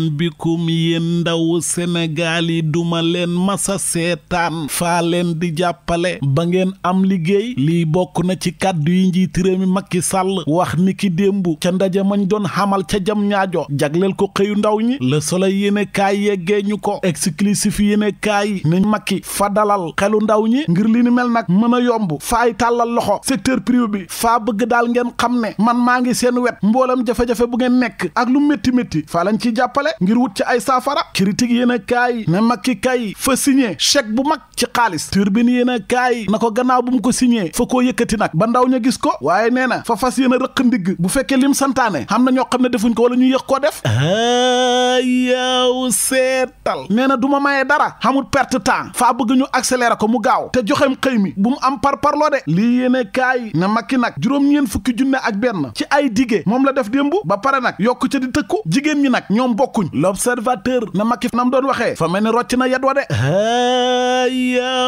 seetaan bikum yéen ndaw Sénégal yi duma leen masa seetaan faa leen di jàppale ba ngeen am liggéey lii bokk na ci kàddu yi njiiti réew mi Macky sàll wax ni ki démb ca ndaje mañ doon xamal ca jam ñaajo jagleel ko xëyu ndaw ñi la Soleil yéene kaay ñu ko exclusif yéene kaay ni Macky fa dalal xelu ndaw ñi ngir li ni mel nag mën a yomb faay tàllal loxo secteur privé bi faa bëgg daal ngeen xam ne man maa ngi seen wet mboolam jafe-jafe bu ngeen nekk ak lu ngir wut ci ay saafara critique yéen a kaay ne Macky kay fa signé chèque bu mag ci xaalis turbine yéen a kaay na ko gannaaw bu mu ko siñe fa koo yëkkati nag ba ndaw ña gis ko waaye nee na fa fas yéen rëq ndigg bu fekkee lim santaane xam na ñoo xam ne defuñ ko wala ñu yëg koo def yow seetal nee na du ma mayee dara xamul perte temps faa bëgg ñu accélérer ko mu gaaw te joxeem xëy mi bu mu am par parloo de lii yéen a kaay ne Macky nag juróom-ñeen fukki junne ak benn ci ay dige moom la def démb ba pare nag yokk ca di tëkku jigéen ñi nag ñoom bokk bokkuñ l' observateur na Macky nam doon waxee fa mel ni rocc na wa de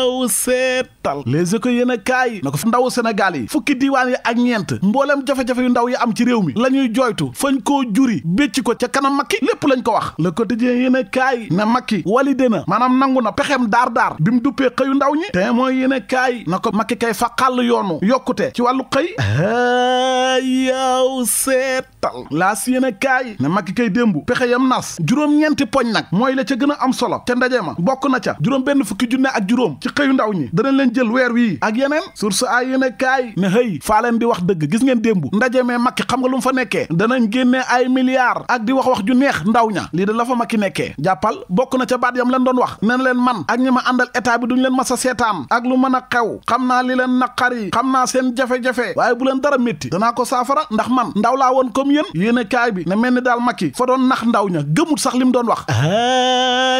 waaw seetal les écoles yéen a kaay na ko ndaw Sénégal yi fukki diiwaan yi ak ñeent mbooleem jafe-jafe yu ndaw yi am ci réew mi la ñuy jooytu fañ koo juri bécc ko ca kanam Macky lépp lañ ko wax le quotidien yéen a kaay na Macky walide na maanaam nangu na pexem daar daar bi mu duppee xëyu ndaw ñi te mooy yéen a kaay na ko Macky kay fa xàll yoonu yokkute ci wàllu xëy yaaw seetal laas yéen a kaay na Macky kay démbu pexe yam nas juróom-ñeenti poñ nag mooy la ca gën a am solo ca ndaje ma bokk na ca juróom benn fukki junne ak juróom xëyu ndaw ñi danañ leen jël weer wii ak yeneen source ay yéen kaay ne hëy faa leen di dëgg gis ngeen démbu ndaje mee makki xam nga lu mu fa nekkee danañ génnee ay milliards ak di wax wax ju neex ndaw ña lii da la fa makki nekkee jàppal bokk na ca baat yam leen doon wax nen leen man ak ñi ma àndal état duñ leen mas a seetaan ak lu mën a xew xam naa li leen naqari xam naa seen jafe-jafe waaye bu leen dara métti danaa ko saafara ndax man ndaw laa woon comme yéen yéene kaay bi ne mel ni daal makki fa doon nax ndaw ña gëmul sax li mu doon wax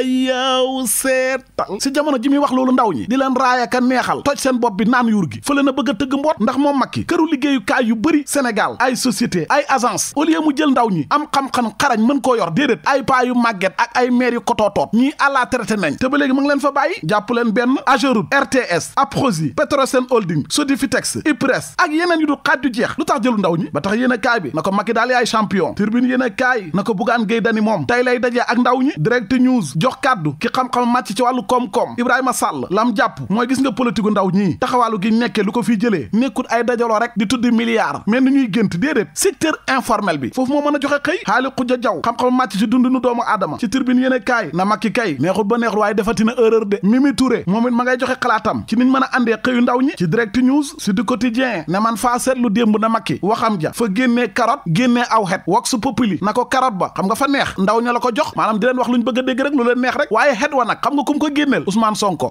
yow seetal si jamono ji muy wax loolu ndaw ñi ñi di leen raaya ka neexal toj seen bopp bi naan yuur gi fële na bëgg tëgg mboot ndax moom Macky këru liggéeyukaay yu bëri Sénégal ay société ay agence au lieu mu jël ndaw ñi am xam-xam xarañ mën koo yor déedéet ay paa yu màgget ak ay maire yu kotootoot ñii àllaa traité nañ te ba léegi ma leen fa bàyyi jàpp leen benn Ageroute RTS Aprosi Petrosen Holding Sodifitex IPRES ak yeneen yu du xaaj jeex lu tax jëlu ndaw ñi ba tax yéen a kaay bi na ko Macky daal yaay champion turbine yéen a kaay na ko Bougane Gueye lay dajee ak ndaw ñi direct news jox kàddu ki xam màcc ci wàllu koom Ibrahima Sall jàpp mooy gis nga politique ndaw ñii taxawaalu gi nekkee lu ko fiy jëlee nekkut ay dajaloo rek di tuddi milliards mais ni ñuy gént déedéet secteur informel bi foofu moo mën a joxe xëy xaali xuja jaw xam-xam màcc ci dundinu doomu aadama ci turbine yéen kaay na makki kay neexut ba neexul waaye defati na erreur de Mimi Touré moom it ma ngay joxe xalaatam ci niñ mën a àndee xëyu ndaw ñi ci direct news si du quotidien ne man faa seetlu démb na makki waxam ja fa génnee carotte génnee aw xet wax su populi na ko carotte ba xam nga fa neex ndaw ña la ko jox maanaam di wax luñ bëgg a dégg rek lu leen waaye xet wa nag xam nga kum ko génneel Ousmane Sonko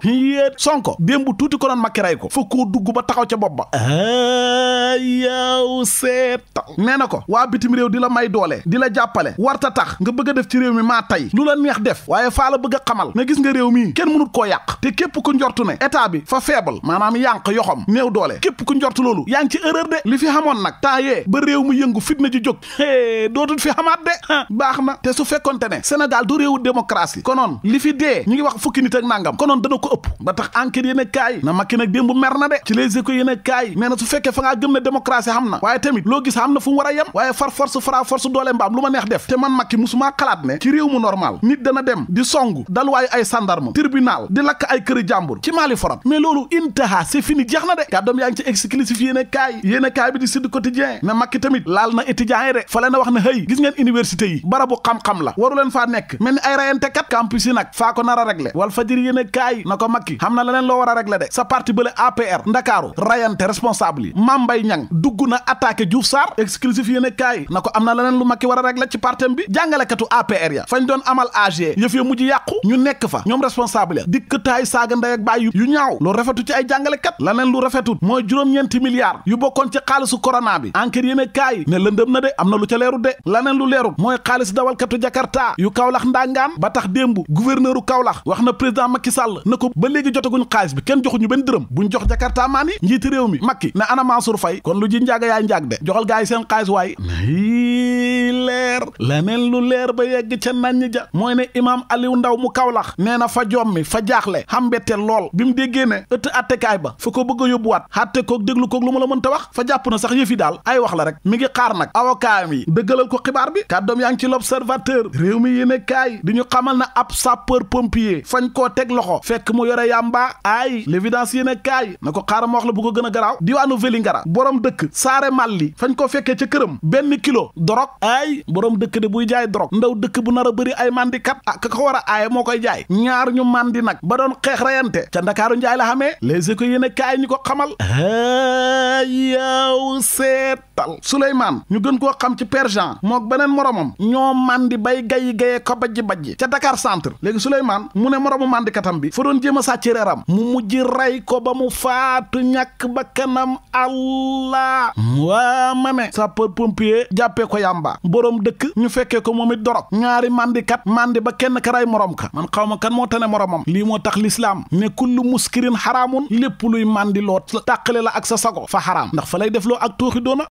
déet Sonko démb tuuti konoon doon makki ko fa dugg ba taxaw ca bopp ba ah, yaw seeta nee na ko waa bitim réew di la may doole di la jàppale warta tax nga bëgg def ci réew mi maa tey lu la neex def waaye faa la bëgg xamal ne gis nga réew mi kenn mënut koo yàq te képp ku njortu ne état bi fa faible maanaam yànq yoxam néew doole képp ku njortu loolu yaa ngi ci erreur de li fi xamoon nag temps yee ba réew mu yëngu fitna ji jóg dootul fi xamaat de baax na su fekkonte ne Sénégal du réewu démocratie konoon li fi dee ñu ngi wax fukki nit ak nàngam dana ko ëpp tax enquête yéen a kaay na Macky nag démb mer na de ci les échos yéen a kaay nee na fekkee fa gëm ne démocratie xam na waaye tamit loo gis xam na fu mu war waaye far force fra force doole mbaam lu ma neex def te man Macky musumaa xalaat ne ci réew mu normal nit dana dem di song dal waaye ay sandarme tribunal di lakk ay këri jàmbur ci maali forat mais loolu intaha c'est fini jeex na de kàddoom yaa ci exclusif yéen a kaay yéen kaay bi di Sud Quotidien ne am na leneen loo war a de sa parti bële APR ndakaaru rayante responsable yi Mame Mbaye dugg na attaqué Diouf Sarr exclusif yéene kaay na ko am na leneen lu Macky war a régler ci partem bi jàngalekatu APR ya fañ doon amal AG yëf ya mujj yàqu ñu nekk fa ñoom responsable ya dikk taay saaga ndey baay yu ñaaw lu rafetu ci ay jàngalekat leneen lu rafetut mooy juróom-ñeenti milliards yu bokkoon ci xaalisu corona bi enquête yéene kaay ne lëndëm na de am na lu ca leeru de leneen lu leerut mooy xaalis dawalkatu Jakarta yu Kaolack ndangaan ba tax démb gouverneuru Kaolack wax na président Macky Sall na ko ba léegi jotaguñ xaalis bi kenn joxuñu benn dërëm buñ jox jakarta maan yi njiiti réew mi Macky ne ana Mansour Faye kon lu ji njaaga yaay njaag de joxal gaa yi seen xaalis waay leer leneen lu leer ba yegg ca naññ ja mooy ne imaam Aliou Ndaw mu Kawlax nee na fa jommi fa jaaxle xam mbette lool bi mu déggee ne ëtt attekaay ba fa ko bëgg a yóbbuwaat xatte koog déglu koog lu ma la mënta wax fa jàpp na sax yëfi daal ay wax la rek mi ngi xaar nag avocat mi dëggalal ko xibaar bi kàddoom yaa ngi ci l'observateur réew mi yéene kaay di ñu xamal na ab sapeur pompier fañ koo teg loxo fekk mu yore yàmbaa aay l'évidence yéene kaay na ko xaaral ma wax la bu ko gën a garaaw diwaanu Vélingara borom dëkk saare màlli fañ ko fekkee ca këram benn kilo borom dëkk de buy jaay drogue ndaw dëkk bu nar a bëri ay mandikat ah ka ko war a aaye moo koy jaay ñaar ñu mandi nag ba doon xeex rayante ca ndakaaru njaay la xamee les écoles yéen a kaay ñu ko xamal bu seetal Souleymane ñu gën koo xam ci Père Jean mook beneen moromam ñoo mandi bay gayi gayee ko bajji bajji ca Dakar centre léegi Souleymane mu ne moromu mandikatam bi fa doon jéem a sàcc reeram mu mujj rey ko ba mu faatu ñàkk ba kanam Allah waa ma ne sapeur pompier jàppee ko yàmba boroom dëkk ñu fekkee ko moom it dorog ñaari mandikat mandi ba kenn ka rey morom ka man xaw ma kan moo tane moromam lii moo tax lislaam ne kullu muskirin xaraamun lépp lu mandi loo tàqale la ak sa sago ab tooxi doona